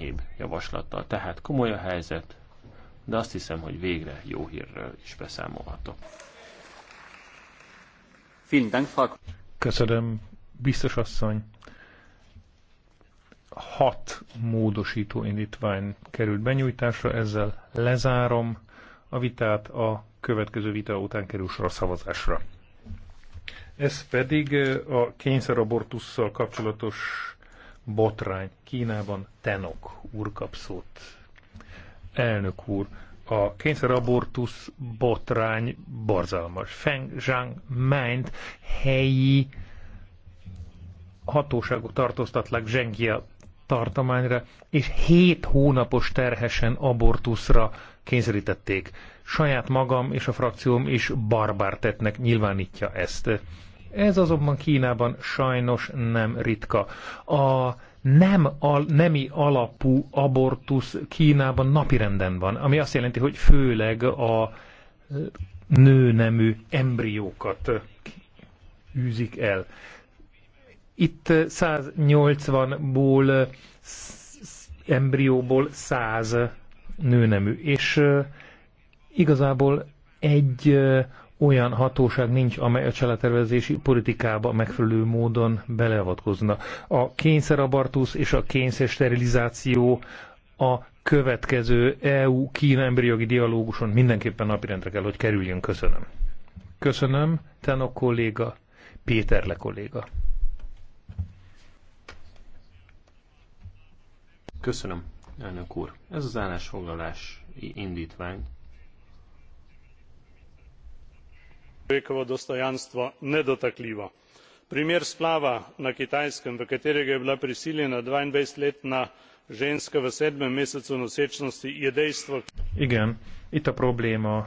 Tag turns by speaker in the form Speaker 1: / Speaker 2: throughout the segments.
Speaker 1: enyhébb javaslattal. Tehát komoly a helyzet, de azt hiszem, hogy végre jó hírről is beszámolhatok.
Speaker 2: Köszönöm, biztos asszony. Hat módosító indítvány került benyújtásra, ezzel lezárom a vitát, a következő vita után kerül sor a szavazásra. Ez pedig a kényszerabortusszal kapcsolatos botrány Kínában. Tenok úr Elnök úr, a kényszerabortusz botrány borzalmas. Feng Zhang Mind helyi hatóságok tartóztatlak Zsengia tartományra, és 7 hónapos terhesen abortuszra kényszerítették. Saját magam és a frakcióm is barbár tettnek nyilvánítja ezt. Ez azonban Kínában sajnos nem ritka. A nem al, nemi alapú abortusz Kínában napirenden van, ami azt jelenti, hogy főleg a nőnemű embriókat űzik el. Itt 180-ból embrióból 100 nőnemű, és igazából egy olyan hatóság nincs, amely a családtervezési politikába megfelelő módon beleavatkozna. A kényszerabartusz és a kényszer sterilizáció a következő EU-Kína emberi dialóguson mindenképpen napirendre kell, hogy kerüljön. Köszönöm. Köszönöm, Tenok kolléga, Péterle kolléga.
Speaker 1: Köszönöm, elnök úr. Ez az állásfoglalás indítvány
Speaker 2: človekovo dostojanstvo nedotakljivo. primer splava na kitajskem v katerega je bila prisiljena dvaindvajset letna ženska v sedmem mesecu nosečnosti je dejstvo. igen itt a probléma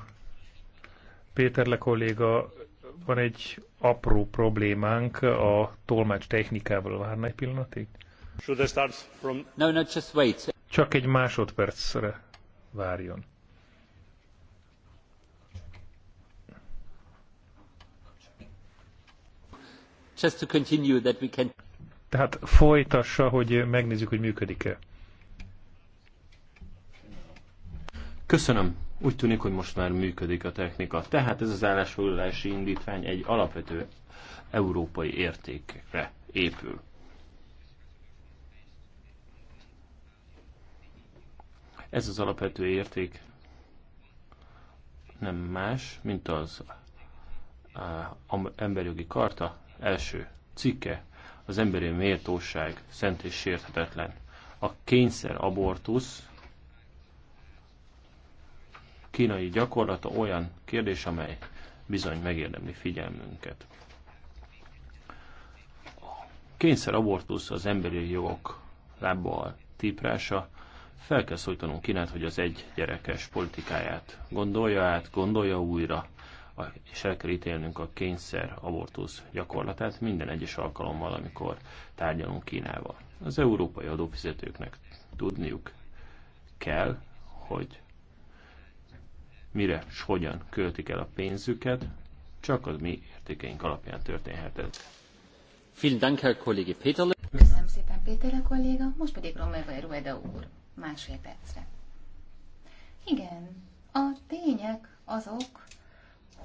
Speaker 2: péterle kolléga van egy apró problémánk a tolmács technikával várna egy pillanatig from... no, no, csak egy másodpercre várjon.
Speaker 1: Just to continue that we can...
Speaker 2: Tehát folytassa, hogy megnézzük, hogy működik-e.
Speaker 1: Köszönöm. Úgy tűnik, hogy most már működik a technika. Tehát ez az állásfoglalási indítvány egy alapvető európai értékre épül. Ez az alapvető érték nem más, mint az emberjogi karta, első cikke az emberi méltóság szent és sérthetetlen. A kényszer abortusz kínai gyakorlata olyan kérdés, amely bizony megérdemli figyelmünket. A kényszer abortusz az emberi jogok lábbal típrása, fel kell szólítanunk Kínát, hogy az egy gyerekes politikáját gondolja át, gondolja újra, és el kell ítélnünk a kényszer abortusz gyakorlatát minden egyes alkalommal, amikor tárgyalunk Kínával. Az európai adófizetőknek tudniuk kell, hogy mire és hogyan költik el a pénzüket, csak az mi értékeink alapján történhet ez. Köszönöm
Speaker 3: szépen Péterle kolléga, most pedig Romeva Rueda úr, másfél percre. Igen, a tények azok,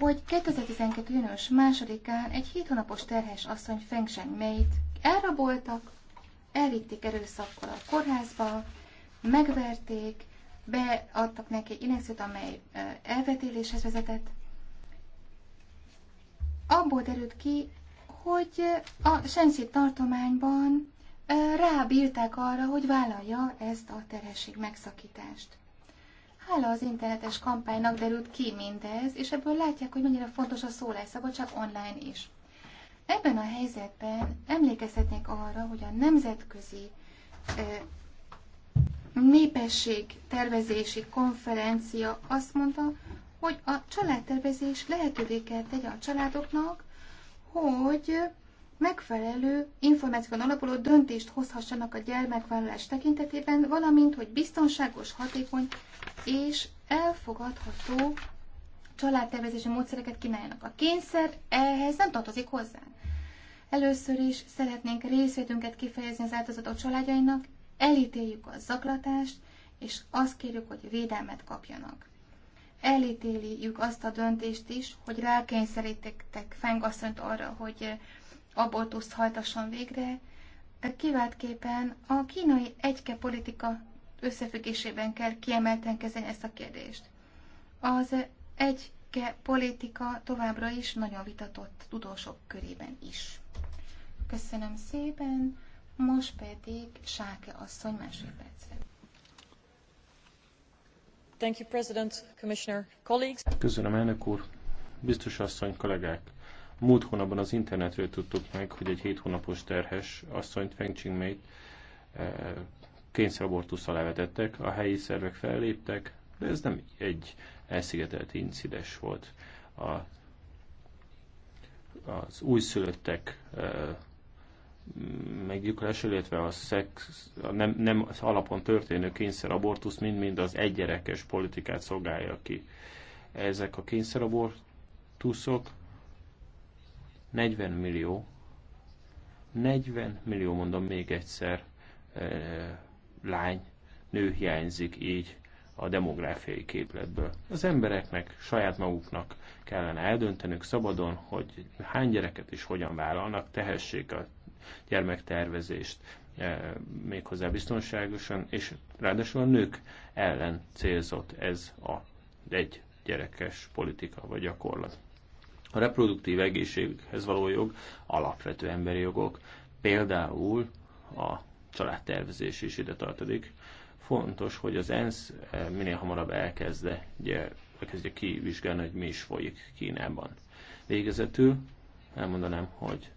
Speaker 3: hogy 2012. június másodikán egy hét hónapos terhes asszony Feng Mei-t elraboltak, elvitték erőszakkal a kórházba, megverték, beadtak neki egy injekciót, amely elvetéléshez vezetett. Abból derült ki, hogy a Sensi tartományban rábírták arra, hogy vállalja ezt a terhesség megszakítást. Hála az internetes kampánynak derült ki mindez, és ebből látják, hogy mennyire fontos a szólásszabadság online is. Ebben a helyzetben emlékezhetnék arra, hogy a nemzetközi eh, népesség tervezési konferencia azt mondta, hogy a családtervezés lehetővé kell tegye a családoknak, hogy megfelelő információkon alapuló döntést hozhassanak a gyermekvállalás tekintetében, valamint, hogy biztonságos, hatékony és elfogadható családtervezési módszereket kínáljanak. A kényszer ehhez nem tartozik hozzá. Először is szeretnénk részvétünket kifejezni az áldozatok családjainak, elítéljük a zaklatást, és azt kérjük, hogy védelmet kapjanak. Elítéljük azt a döntést is, hogy rákényszerítettek fengasszonyt arra, hogy abortuszt hajtasson végre, kiváltképpen a kínai egyke politika összefüggésében kell kiemelten kezelni ezt a kérdést. Az egyke politika továbbra is nagyon vitatott tudósok körében is. Köszönöm szépen, most pedig Sáke asszony másik percre. Thank
Speaker 2: you, President, Commissioner, colleagues.
Speaker 1: Köszönöm, elnök úr, biztos asszony, kollégák. Múlt hónapban az internetről tudtuk meg, hogy egy 7 hónapos terhes asszonyt Feng Qingmei eh, kényszerabortusszal levetettek, a helyi szervek felléptek, de ez nem egy elszigetelt incidens volt. A, az újszülöttek eh, meggyilkolás, illetve a szex, a nem, nem az alapon történő kényszerabortusz mind-mind az egyerekes politikát szolgálja ki. Ezek a kényszerabortuszok 40 millió, 40 millió, mondom még egyszer, lány, nő hiányzik így a demográfiai képletből. Az embereknek, saját maguknak kellene eldöntenük szabadon, hogy hány gyereket is hogyan vállalnak, tehessék a gyermektervezést méghozzá biztonságosan, és ráadásul a nők ellen célzott ez a egy gyerekes politika vagy gyakorlat. A reproduktív egészséghez való jog alapvető emberi jogok. Például a családtervezés is ide tartodik. Fontos, hogy az ENSZ eh, minél hamarabb elkezde, ugye, elkezdje kivizsgálni, hogy mi is folyik Kínában. Végezetül elmondanám, hogy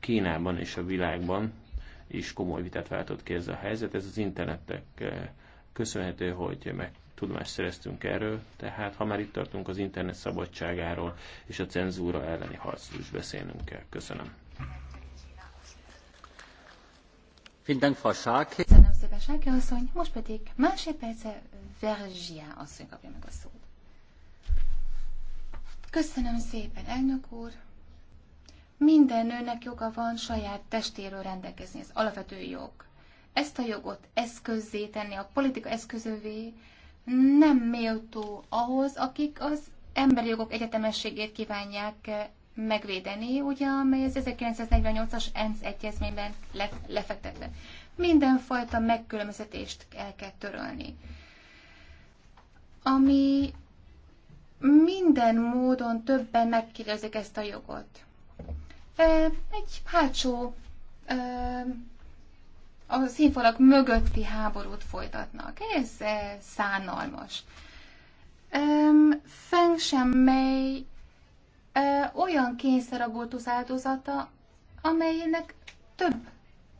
Speaker 1: Kínában és a világban is komoly vitát váltott ki ez a helyzet. Ez az internetek eh, köszönhető, hogy meg tudomást szereztünk erről, tehát ha már itt tartunk az internet szabadságáról és a cenzúra elleni harcról is beszélnünk kell. Köszönöm. Köszönöm
Speaker 3: szépen, Sáke asszony. Most pedig másodperce Verzsia asszony kapja meg a szót. Köszönöm szépen, elnök úr. Minden nőnek joga van saját testéről rendelkezni, ez alapvető jog. Ezt a jogot eszközzé tenni, a politika eszközövé, nem méltó ahhoz, akik az emberi jogok egyetemességét kívánják eh, megvédeni, ugye, amely az 1948-as ENSZ egyezményben le, lefektetve. Mindenfajta megkülönböztetést el kell törölni. Ami minden módon többen megkérdezik ezt a jogot. Eh, egy hátsó eh, a színfalak mögötti háborút folytatnak. Ez eh, szánalmas. Feng e, olyan kényszerabótusz áldozata, amelynek több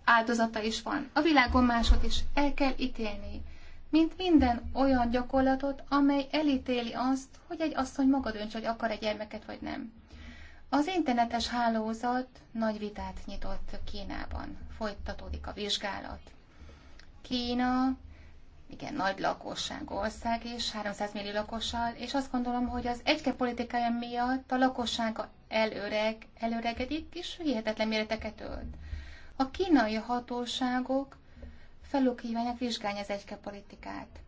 Speaker 3: áldozata is van. A világon másot is el kell ítélni, mint minden olyan gyakorlatot, amely elítéli azt, hogy egy asszony maga dönts, hogy akar egy gyermeket vagy nem. Az internetes hálózat nagy vitát nyitott Kínában. Folytatódik a vizsgálat. Kína, igen, nagy lakosság ország is, 300 millió lakossal, és azt gondolom, hogy az egyke politikája miatt a lakossága előreg, előregedik, és hihetetlen méreteket ölt. A kínai hatóságok felül vizsgálni az egyke politikát.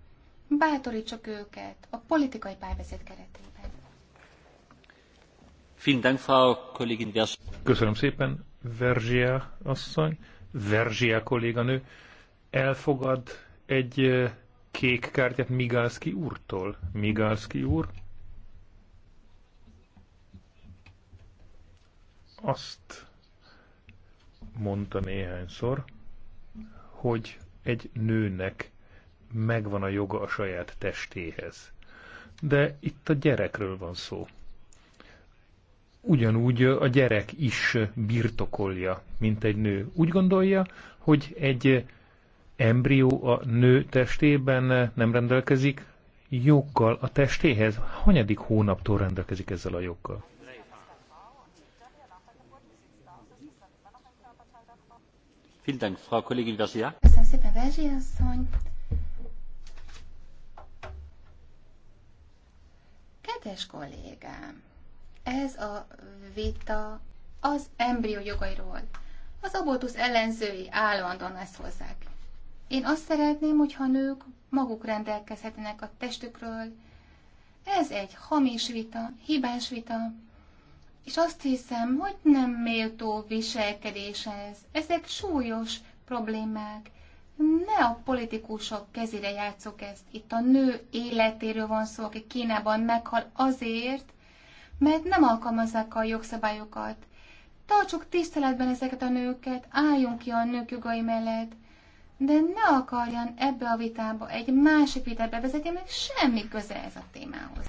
Speaker 3: Bátorítsuk őket a politikai párbeszéd keretében.
Speaker 1: Köszönöm
Speaker 2: szépen, Verzsia asszony, Verzsia kolléganő. Elfogad egy kék kártyát Migalski úrtól. Migalski úr? Azt mondta néhányszor, hogy egy nőnek megvan a joga a saját testéhez. De itt a gyerekről van szó ugyanúgy a gyerek is birtokolja, mint egy nő. Úgy gondolja, hogy egy embrió a nő testében nem rendelkezik joggal a testéhez. Hanyadik hónaptól rendelkezik ezzel a joggal?
Speaker 1: Köszönöm
Speaker 3: szépen, Verzsi asszony! Kedves kollégám! Ez a vita az embrió jogairól. Az abortusz ellenzői állandóan ezt hozzák. Én azt szeretném, hogyha nők maguk rendelkezhetnek a testükről. Ez egy hamis vita, hibás vita, és azt hiszem, hogy nem méltó viselkedés ez. Ezek súlyos problémák. Ne a politikusok kezére játszok ezt. Itt a nő életéről van szó, aki Kínában meghal azért, mert nem alkalmazzák a jogszabályokat. Tartsuk tiszteletben ezeket a nőket, álljunk ki a nők jogai mellett, de ne akarjan ebbe a vitába egy másik vitát bevezetni, mert semmi köze ez a témához.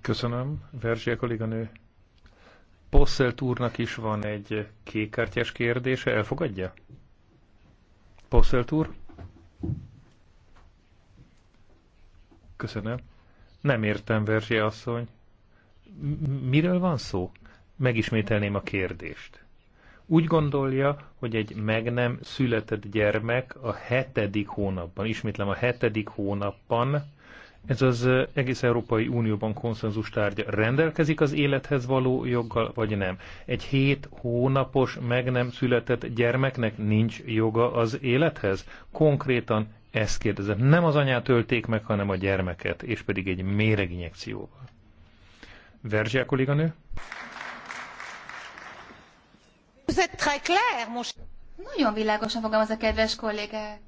Speaker 2: Köszönöm, Verzsia kolléganő. Posselt úrnak is van egy kékkártyás kérdése, elfogadja? Posselt úr? Köszönöm. Nem értem, Verzsé asszony. Miről van szó? Megismételném a kérdést. Úgy gondolja, hogy egy meg nem született gyermek a hetedik hónapban, ismétlem a hetedik hónapban, ez az egész Európai Unióban konszenzus tárgya rendelkezik az élethez való joggal, vagy nem? Egy hét hónapos meg nem született gyermeknek nincs joga az élethez? Konkrétan ezt kérdezem. Nem az anyát ölték meg, hanem a gyermeket, és pedig egy méreginjekcióval. Verzsia kolléganő?
Speaker 3: Nagyon világosan fogalmaz a kedves kollégák.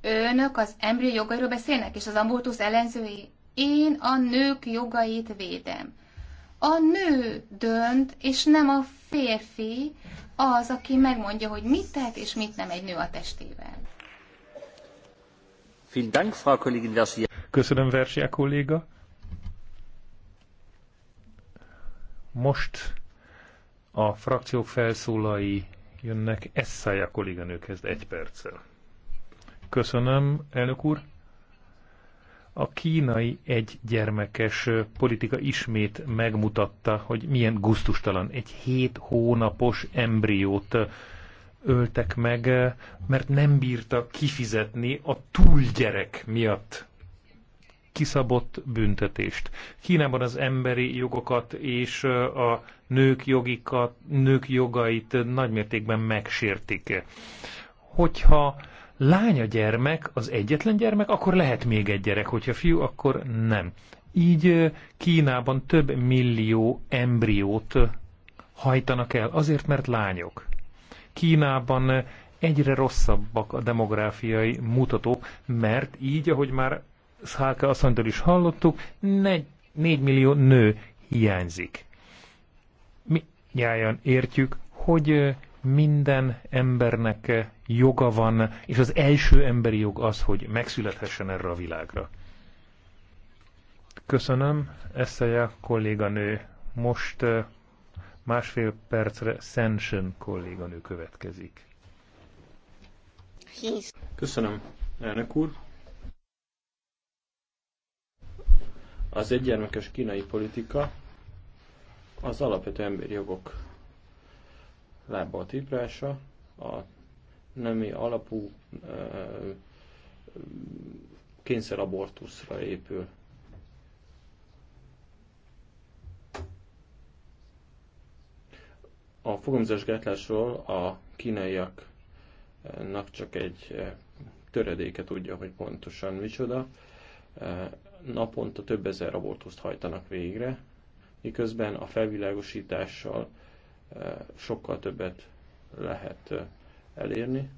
Speaker 3: Önök az embrió jogairól beszélnek, és az ambultusz ellenzői. Én a nők jogait védem. A nő dönt, és nem a férfi az, aki megmondja, hogy mit tehet és mit nem egy nő a testével.
Speaker 2: Köszönöm, Versia kolléga. Most a frakciók felszólai jönnek. Esszája kolléganő kezd egy perccel. Köszönöm, elnök úr. A kínai egygyermekes politika ismét megmutatta, hogy milyen guztustalan egy hét hónapos embriót öltek meg, mert nem bírta kifizetni a túlgyerek miatt kiszabott büntetést. Kínában az emberi jogokat és a nők, jogikat, nők jogait nagymértékben megsértik. Hogyha lánya gyermek az egyetlen gyermek, akkor lehet még egy gyerek, hogyha fiú, akkor nem. Így Kínában több millió embriót hajtanak el, azért mert lányok. Kínában egyre rosszabbak a demográfiai mutatók, mert így, ahogy már Szálka asszonytól is hallottuk, 4, 4 millió nő hiányzik. Mi nyájan értjük, hogy minden embernek joga van, és az első emberi jog az, hogy megszülethessen erre a világra. Köszönöm, Eszeja kolléganő. Most Másfél percre Sension kolléganő következik.
Speaker 1: Köszönöm, elnök úr. Az egyermekes kínai politika az alapvető emberi jogok a típrása, a nemi alapú kényszerabortuszra épül. A gátlásról a kínaiaknak csak egy eh, töredéke tudja, hogy pontosan micsoda. Eh, naponta több ezer abortuszt hajtanak végre, miközben a felvilágosítással eh, sokkal többet lehet elérni.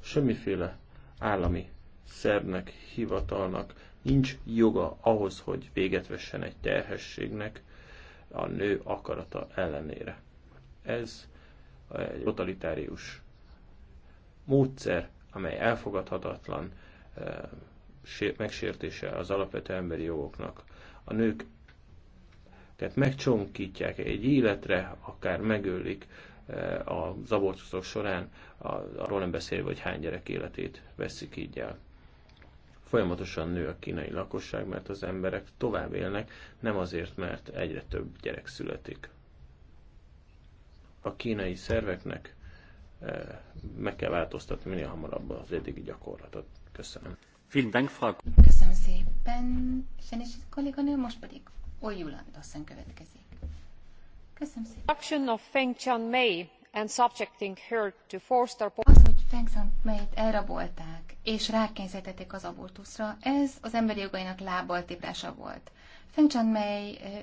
Speaker 1: Semmiféle állami szervnek, hivatalnak nincs joga ahhoz, hogy véget vessen egy terhességnek a nő akarata ellenére. Ez egy totalitárius módszer, amely elfogadhatatlan eh, megsértése az alapvető emberi jogoknak. A nők tehát megcsonkítják egy életre, akár megölik eh, a abortuszok során, arról nem beszélve, hogy hány gyerek életét veszik így el. Folyamatosan nő a kínai lakosság, mert az emberek tovább élnek, nem azért, mert egyre több gyerek születik. A kínai szerveknek eh, meg kell változtatni minél hamarabb az eddigi gyakorlatot. Köszönöm.
Speaker 3: Köszönöm szépen, Senis kolléganő, most pedig Ojuland asszony következik. Köszönöm szépen. Action of Feng Chan Mei and subjecting her to forced... Az, hogy Feng Chan Mei-t elrabolták, és rákényszerítették az abortuszra. Ez az emberi jogainak lábbal volt. Feng Chan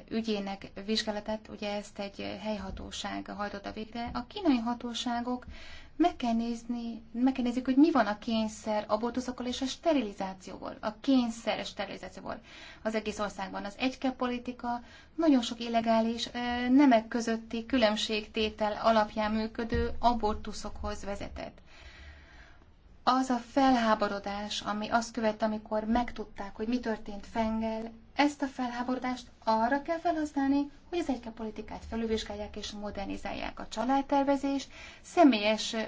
Speaker 3: ügyének vizsgálatát, ugye ezt egy helyhatóság hajtotta végre. A kínai hatóságok meg kell, nézni, meg kell nézni, hogy mi van a kényszer abortuszokkal és a sterilizációval, a kényszer sterilizációval az egész országban. Az egyke politika nagyon sok illegális nemek közötti különbségtétel alapján működő abortuszokhoz vezetett az a felháborodás, ami azt követ, amikor megtudták, hogy mi történt Fengel, ezt a felháborodást arra kell felhasználni, hogy az egyke politikát felülvizsgálják és modernizálják a családtervezés, személyes ö,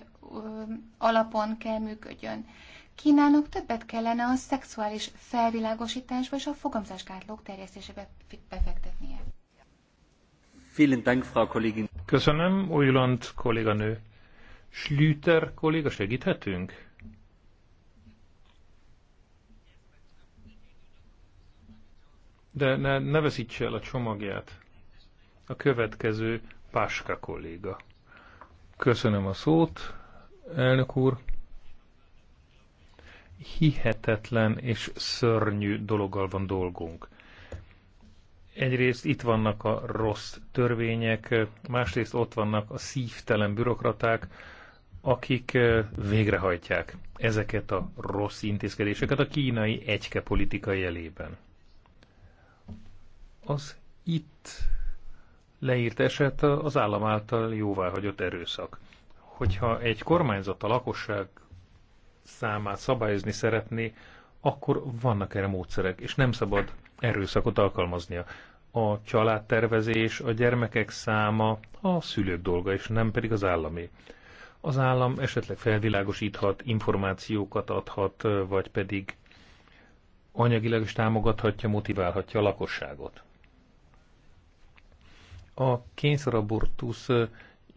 Speaker 3: alapon kell működjön. Kínának többet kellene a szexuális felvilágosításba és a fogamzásgátlók terjesztésébe befektetnie.
Speaker 2: Köszönöm, Újland kolléganő. Schlüter kolléga, segíthetünk? de ne, ne veszítse el a csomagját. A következő Páska kolléga. Köszönöm a szót, elnök úr. Hihetetlen és szörnyű dologgal van dolgunk. Egyrészt itt vannak a rossz törvények, másrészt ott vannak a szívtelen bürokraták, akik eh, végrehajtják ezeket a rossz intézkedéseket a kínai egyke politikai jelében. Az itt leírt eset az állam által jóváhagyott erőszak. Hogyha egy kormányzat a lakosság számát szabályozni szeretné, akkor vannak erre módszerek, és nem szabad erőszakot alkalmaznia. A családtervezés, a gyermekek száma a szülők dolga, és nem pedig az állami. Az állam esetleg felvilágosíthat, információkat adhat, vagy pedig anyagilag is támogathatja, motiválhatja a lakosságot a kényszerabortusz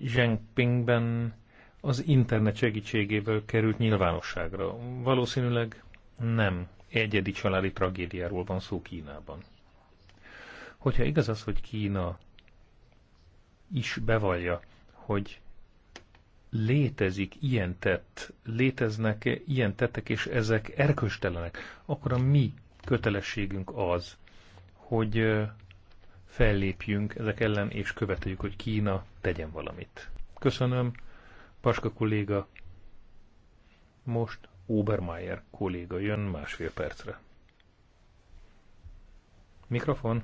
Speaker 2: Zhengpingben az internet segítségével került nyilvánosságra. Valószínűleg nem egyedi családi tragédiáról van szó Kínában. Hogyha igaz az, hogy Kína is bevallja, hogy létezik ilyen tett, léteznek ilyen tettek, és ezek erköstelenek, akkor a mi kötelességünk az, hogy fellépjünk ezek ellen, és követeljük, hogy Kína tegyen valamit. Köszönöm, Paska kolléga. Most Obermeier kolléga jön másfél percre. Mikrofon.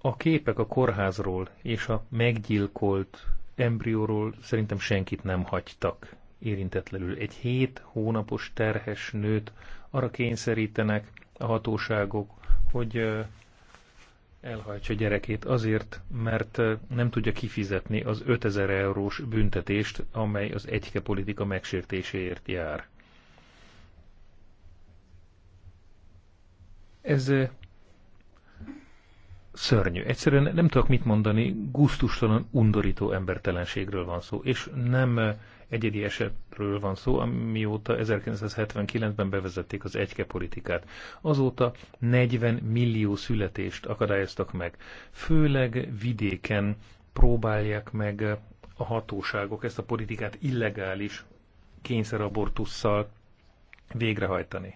Speaker 2: A képek a kórházról és a meggyilkolt embrióról szerintem senkit nem hagytak érintetlenül. Egy hét hónapos terhes nőt arra kényszerítenek, a hatóságok, hogy elhajtsa gyerekét azért, mert nem tudja kifizetni az 5000 eurós büntetést, amely az egyke politika megsértéséért jár. Ez szörnyű. Egyszerűen nem tudok mit mondani, guztustalan, undorító embertelenségről van szó, és nem egyedi esetről van szó, amióta 1979-ben bevezették az egyke politikát. Azóta 40 millió születést akadályoztak meg. Főleg vidéken próbálják meg a hatóságok ezt a politikát illegális kényszerabortusszal végrehajtani.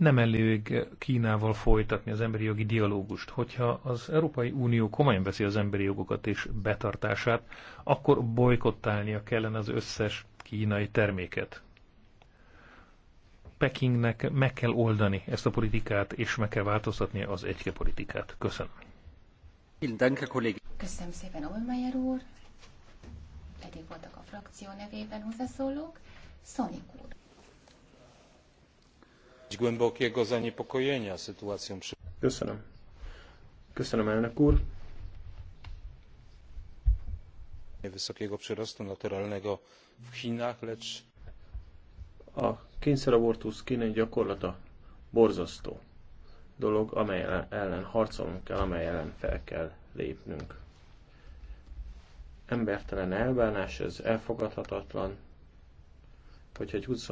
Speaker 2: nem elég Kínával folytatni az emberi jogi dialógust. Hogyha az Európai Unió komolyan veszi az emberi jogokat és betartását, akkor bolykottálnia kellene az összes kínai terméket. Pekingnek meg kell oldani ezt a politikát, és meg kell változtatnia az egyke politikát. Köszönöm.
Speaker 3: Köszönöm szépen, Olmeyer úr. Eddig voltak a frakció nevében hozzászólók. Szonik úr
Speaker 2: głębokiego zaniepokojenia sytuacją
Speaker 1: Köszönöm. Köszönöm, elnök úr. Wysokiego przyrostu naturalnego w Chinach, lecz a kényszerabortusz kínai gyakorlata borzasztó dolog, amely ellen harcolnunk kell, amely ellen fel kell lépnünk. Embertelen elbánás, ez elfogadhatatlan, hogyha egy 20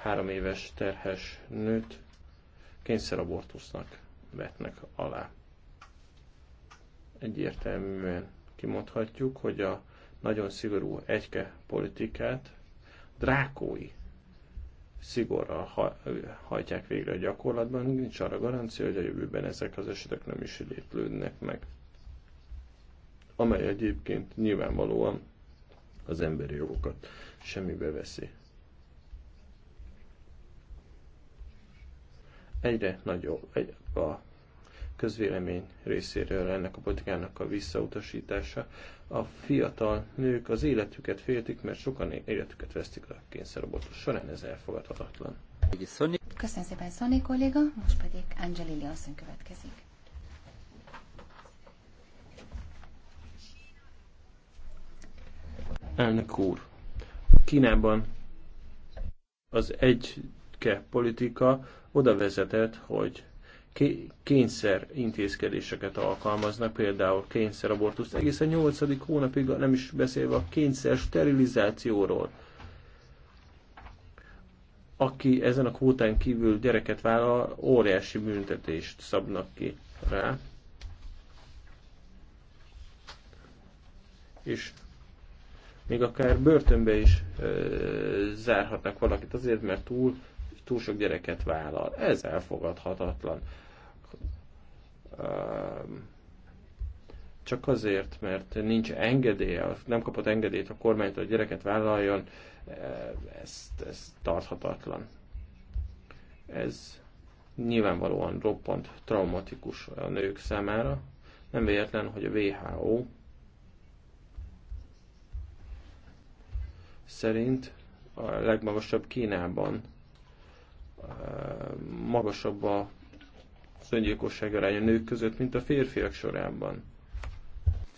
Speaker 1: három éves terhes nőt kényszerabortusznak vetnek alá. Egyértelműen kimondhatjuk, hogy a nagyon szigorú egyke politikát drákói szigorral hajtják végre a gyakorlatban, nincs arra garancia, hogy a jövőben ezek az esetek nem is létlődnek meg. Amely egyébként nyilvánvalóan az emberi jogokat semmibe veszi. egyre nagyobb egy, a közvélemény részéről ennek a politikának a visszautasítása. A fiatal nők az életüket féltik, mert sokan életüket vesztik a kényszerabortus során, ez elfogadhatatlan.
Speaker 3: Köszönöm szépen, Szoni kolléga, most pedig Angelili asszony következik.
Speaker 1: Elnök úr, Kínában az egy szürke politika oda vezetett, hogy kényszer intézkedéseket alkalmaznak, például kényszer abortuszt, egészen 8. hónapig nem is beszélve a kényszer sterilizációról. Aki ezen a kvótán kívül gyereket vállal, óriási büntetést szabnak ki rá. És még akár börtönbe is ö, zárhatnak valakit azért, mert túl túl sok gyereket vállal. Ez elfogadhatatlan. Csak azért, mert nincs engedélye, nem kapott engedélyt a kormánytól, hogy gyereket vállaljon, ez, ez tarthatatlan. Ez nyilvánvalóan roppant traumatikus a nők számára. Nem véletlen, hogy a WHO szerint a legmagasabb Kínában Eh, magasabb a öngyilkosság arány a nők között, mint a férfiak sorában.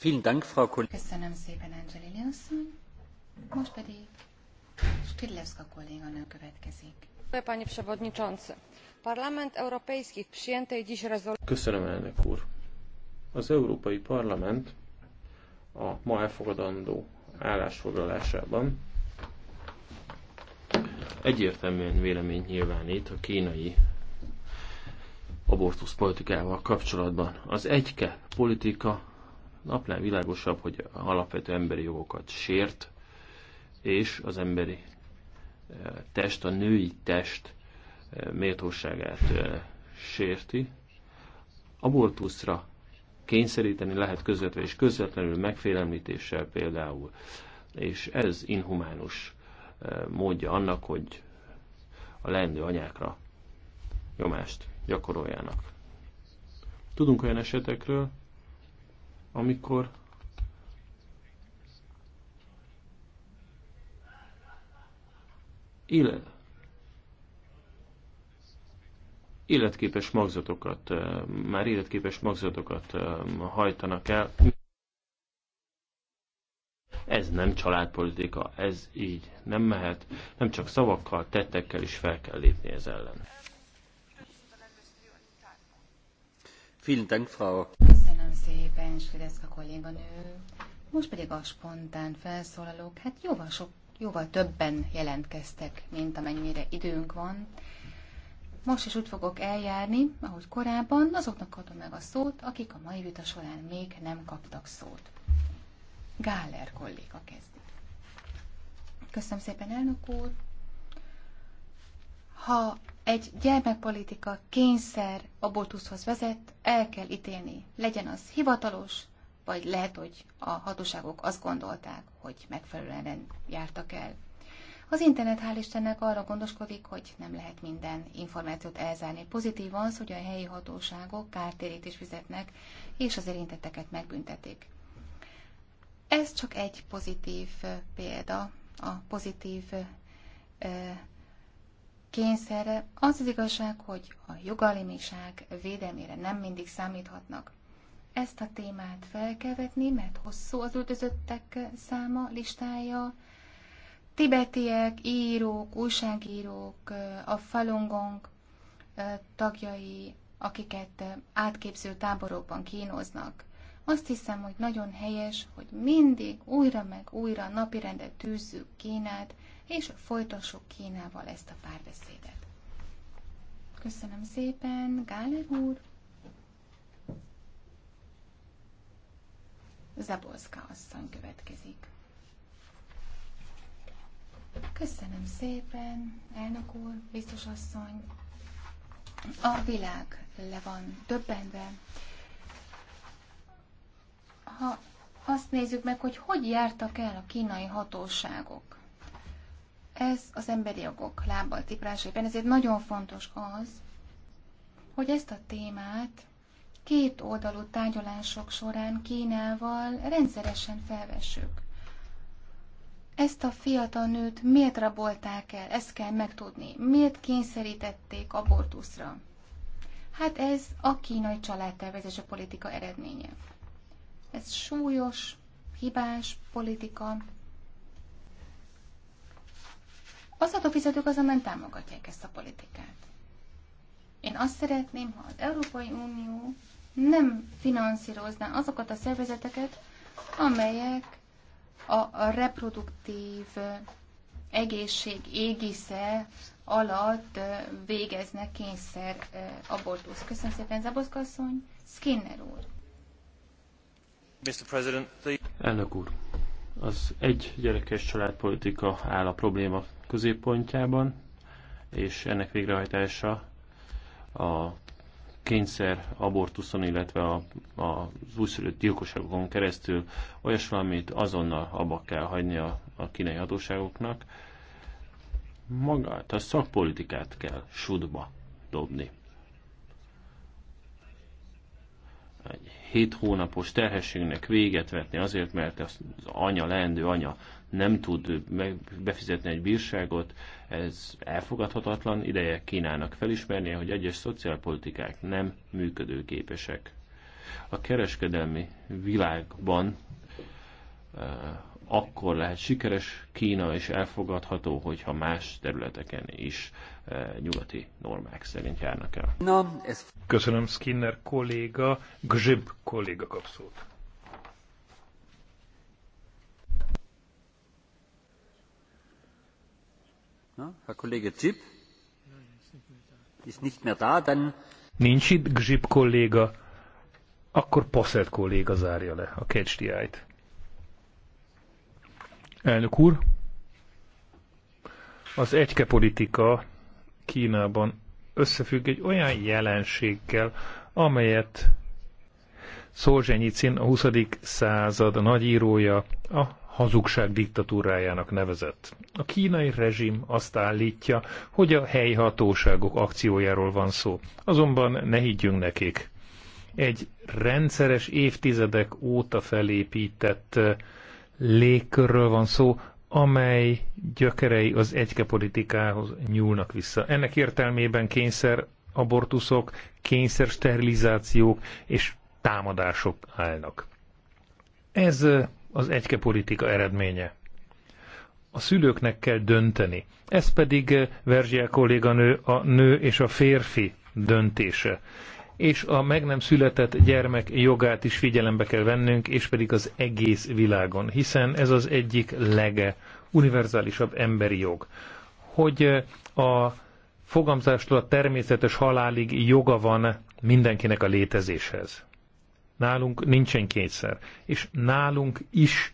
Speaker 1: Köszönöm
Speaker 3: szépen, Angelini asszony. Most pedig Skidlewska kolléganő következik. Panie Przewodniczący, Parlament Europejski w przyjętej dziś rezolucji...
Speaker 1: Köszönöm, elnök úr. Az Európai Parlament a ma elfogadandó állásfoglalásában egyértelműen vélemény nyilvánít a kínai abortusz politikával kapcsolatban. Az egyke politika napnál világosabb, hogy alapvető emberi jogokat sért, és az emberi eh, test, a női test eh, méltóságát eh, sérti. Abortuszra kényszeríteni lehet közvetve és közvetlenül megfélemlítéssel például, és ez inhumánus módja annak, hogy a leendő anyákra nyomást gyakoroljanak. Tudunk olyan esetekről, amikor élet, életképes magzatokat, eh, már életképes magzatokat eh, hajtanak el nem családpolitika, ez így nem mehet, nem csak szavakkal, tettekkel is fel kell lépni ez ellen.
Speaker 3: Köszönöm szépen, Svideszka kolléganő. Most pedig a spontán felszólalók, hát jóval, sok, jóval többen jelentkeztek, mint amennyire időnk van. Most is úgy fogok eljárni, ahogy korábban, azoknak adom meg a szót, akik a mai vita során még nem kaptak szót. Gáller kolléga kezdi. Köszönöm szépen, elnök úr. Ha egy gyermekpolitika kényszer abortuszhoz vezet, el kell ítélni. Legyen az hivatalos, vagy lehet, hogy a hatóságok azt gondolták, hogy megfelelően jártak el. Az internet hál' Istennek arra gondoskodik, hogy nem lehet minden információt elzárni. Pozitív az, hogy a helyi hatóságok kártérítést fizetnek, és az érintetteket megbüntetik. Ez csak egy pozitív példa, a pozitív kényszerre. Az az igazság, hogy a jogalimiság védelmére nem mindig számíthatnak. Ezt a témát fel kell vetni, mert hosszú az üldözöttek száma, listája. Tibetiek, írók, újságírók, a falungong tagjai, akiket átképző táborokban kínoznak. Azt hiszem, hogy nagyon helyes, hogy mindig újra meg újra napirendre tűzzük Kínát, és folytassuk Kínával ezt a párbeszédet. Köszönöm szépen, Gáler úr! Zabolszka asszony következik. Köszönöm szépen, elnök úr, biztos asszony. A világ le van döbbenve ha azt nézzük meg, hogy hogy jártak el a kínai hatóságok. Ez az emberi jogok lábbal tiprásében, ezért nagyon fontos az, hogy ezt a témát két oldalú tárgyalások során Kínával rendszeresen felvessük. Ezt a fiatal nőt miért rabolták el? Ezt kell megtudni. Miért kényszerítették abortuszra? Hát ez a kínai a politika eredménye. Ez súlyos, hibás politika. Az adófizetők azonban támogatják ezt a politikát. Én azt szeretném, ha az Európai Unió nem finanszírozná azokat a szervezeteket, amelyek a reproduktív egészség égisze alatt végeznek kényszer abortusz. Köszönöm szépen, Zaboszka asszony, Skinner úr.
Speaker 1: Elnök úr, az egy gyerekes családpolitika áll a probléma középpontjában, és ennek végrehajtása a kényszer abortuszon, illetve a, a, az újszülött gyilkosságokon keresztül olyas valamit azonnal abba kell hagyni a, a kínai hatóságoknak. Magát a szakpolitikát kell sudba dobni. egy hét hónapos terhességnek véget vetni azért, mert az anya, leendő anya nem tud befizetni egy bírságot, ez elfogadhatatlan, ideje kínálnak felismerni, hogy egyes szociálpolitikák nem működőképesek. A kereskedelmi világban eh, akkor lehet sikeres Kína és elfogadható, hogyha más területeken is e, nyugati normák szerint járnak el. Na, ez... Köszönöm Skinner kolléga, Gzsib kolléga kapszót. Na, a kolléga Gzsib? Ist nicht mehr da, dann...
Speaker 2: Nincs itt Gzsib kolléga, akkor Posselt kolléga zárja le a catch the eye-t. Elnök úr, az egyke politika Kínában összefügg egy olyan jelenséggel, amelyet Szolzsenyicin a 20. század nagyírója a hazugság diktatúrájának nevezett. A kínai rezsim azt állítja, hogy a helyi hatóságok akciójáról van szó. Azonban ne higgyünk nekik. Egy rendszeres évtizedek óta felépített légkörről van szó, amely gyökerei az politikához nyúlnak vissza. Ennek értelmében kényszer abortuszok, kényszer sterilizációk és támadások állnak. Ez az egykepolitika eredménye. A szülőknek kell dönteni. Ez pedig Verzsiel kolléganő a nő és a férfi döntése és a meg nem született gyermek jogát is figyelembe kell vennünk, és pedig az egész világon, hiszen ez az egyik lege univerzálisabb emberi jog. Hogy eh, a fogamzástól a természetes halálig joga van mindenkinek a létezéshez. Nálunk nincsen kényszer, és nálunk is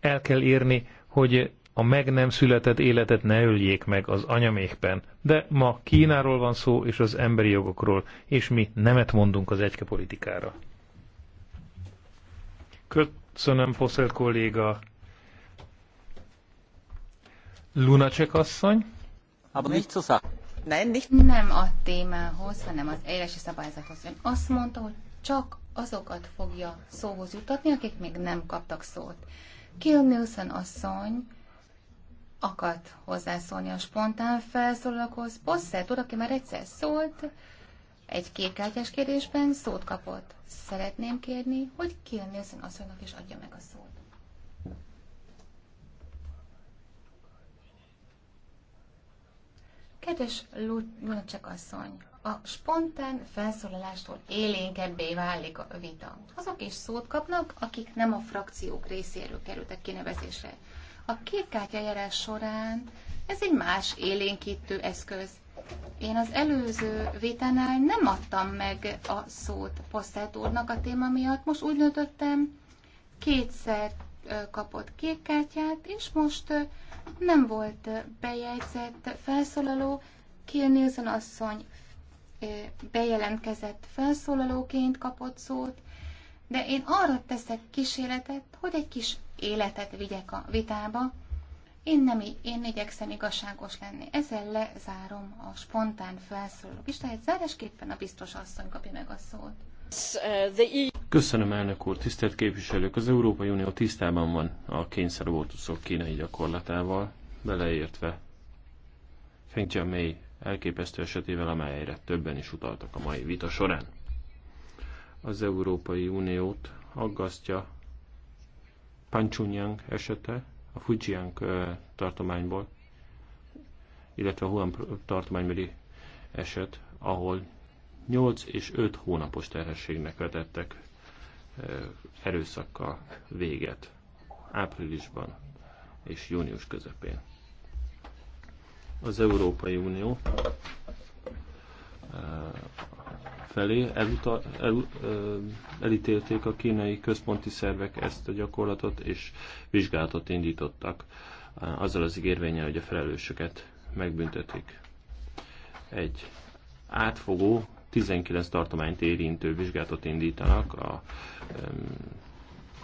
Speaker 2: el kell érni, hogy a meg nem született életet ne öljék meg az anyamékben. De ma Kínáról van szó, és az emberi jogokról, és mi nemet mondunk az egyke politikára. Köszönöm, Poszel kolléga. Lunacek asszony.
Speaker 3: Nem a témához, hanem az élesi szabályzathoz. Ön azt mondta, hogy csak azokat fogja szóhoz jutatni, akik még nem kaptak szót. Kill Nielsen asszony akart hozzászólni a spontán felszólalakhoz. Bosszert úr, aki már egyszer szólt, egy kékkártyás kérdésben szót kapott. Szeretném kérni, hogy az asszonynak is adja meg a szót. Kedves Lunacek asszony, a spontán felszólalástól élénkebbé válik a vita. Azok is szót kapnak, akik nem a frakciók részéről kerültek kinevezésre. A kékkártyajárás során ez egy más élénkítő eszköz. Én az előző vétánál nem adtam meg a szót Posztelt úrnak a téma miatt, most úgy döntöttem, kétszer kapott kékkártyát, és most nem volt bejegyzett felszólaló. Kill Nielsen asszony bejelentkezett felszólalóként kapott szót, de én arra teszek kísérletet, hogy egy kis életet vigyek a vitába. Én nem így, én igyekszem igazságos lenni. Ezzel lezárom a spontán felszólalók listáját. Zárásképpen a biztos asszony kapja meg a szót.
Speaker 1: Köszönöm, elnök úr, tisztelt képviselők! Az Európai Unió tisztában van a kényszerabortuszok kínai gyakorlatával, beleértve Feng Jiamei elképesztő esetével, amelyre többen is utaltak a mai vita során. Az Európai Uniót aggasztja Panchunyang esete a Fujiang tartományból, illetve a Huan tartománybeli eset, ahol 8 és 5 hónapos terhességnek vetettek erőszakkal véget áprilisban és június közepén. Az Európai Unió felé eluta, el, elítélték a kínai központi szervek ezt a gyakorlatot, és vizsgálatot indítottak azzal az ígérvényel, hogy a felelősöket megbüntetik. Egy átfogó, 19 tartományt érintő vizsgálatot indítanak a um,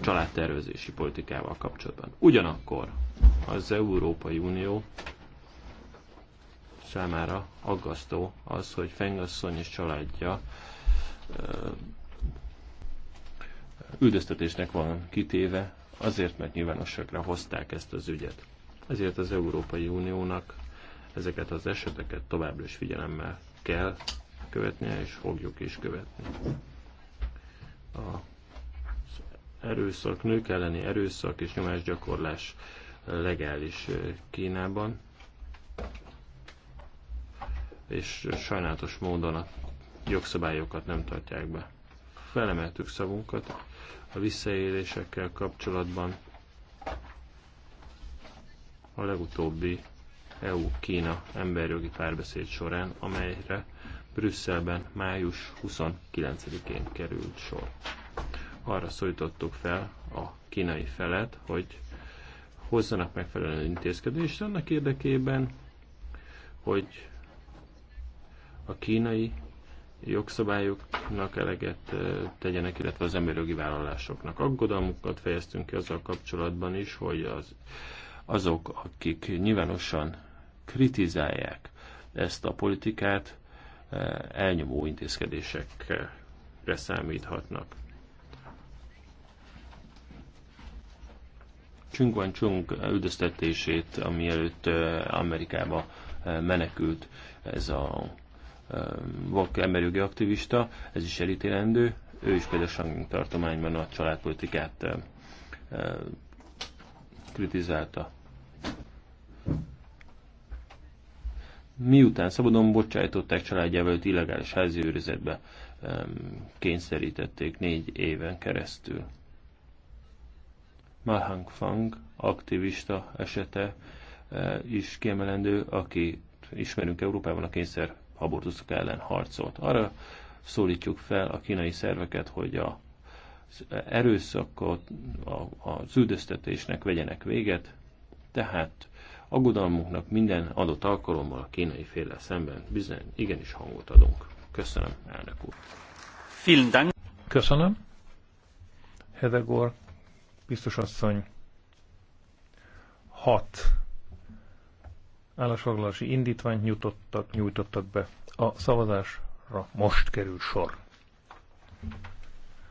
Speaker 1: családtervezési politikával kapcsolatban. Ugyanakkor az Európai Unió számára aggasztó az, hogy Fengasszony és családja üldöztetésnek van kitéve, azért, mert nyilvánosságra hozták ezt az ügyet. Ezért az Európai Uniónak ezeket az eseteket továbbra is figyelemmel kell követnie, és fogjuk is követni. A erőszak, nők elleni erőszak és nyomásgyakorlás legális Kínában és sajnálatos módon a jogszabályokat nem tartják be. Felemeltük szavunkat a visszaélésekkel kapcsolatban a legutóbbi EU-Kína emberjogi párbeszéd során, amelyre Brüsszelben május 29-én került sor. Arra szólítottuk fel a kínai felet, hogy hozzanak megfelelő intézkedést annak érdekében, hogy a kínai jogszabályoknak eleget tegyenek, illetve az emberjogi vállalásoknak. Aggodalmukat fejeztünk ki azzal kapcsolatban is, hogy az, azok, akik nyilvánosan kritizálják ezt a politikát, elnyomó intézkedésekre számíthatnak. Chung Chung üldöztetését, ami előtt Amerikába menekült ez a vak emberjogi aktivista, ez is elítélendő, ő is például Sangin tartományban a családpolitikát kritizálta. Miután szabadon bocsájtották családjával, illegális házi őrizetbe kényszerítették négy éven keresztül. Mahang Fang aktivista esete is kiemelendő, aki ismerünk Európában a kényszer abortuszok ellen harcolt. Arra szólítjuk fel a kínai szerveket, hogy a erőszakot, a, az üldöztetésnek vegyenek véget, tehát aggodalmunknak minden adott alkalommal a kínai féle szemben bizony igenis hangot adunk. Köszönöm, elnök úr. Köszönöm. Hedegor,
Speaker 2: biztos asszony, hat állásfoglalási indítványt nyújtottak, nyújtottak be. A szavazásra most kerül sor.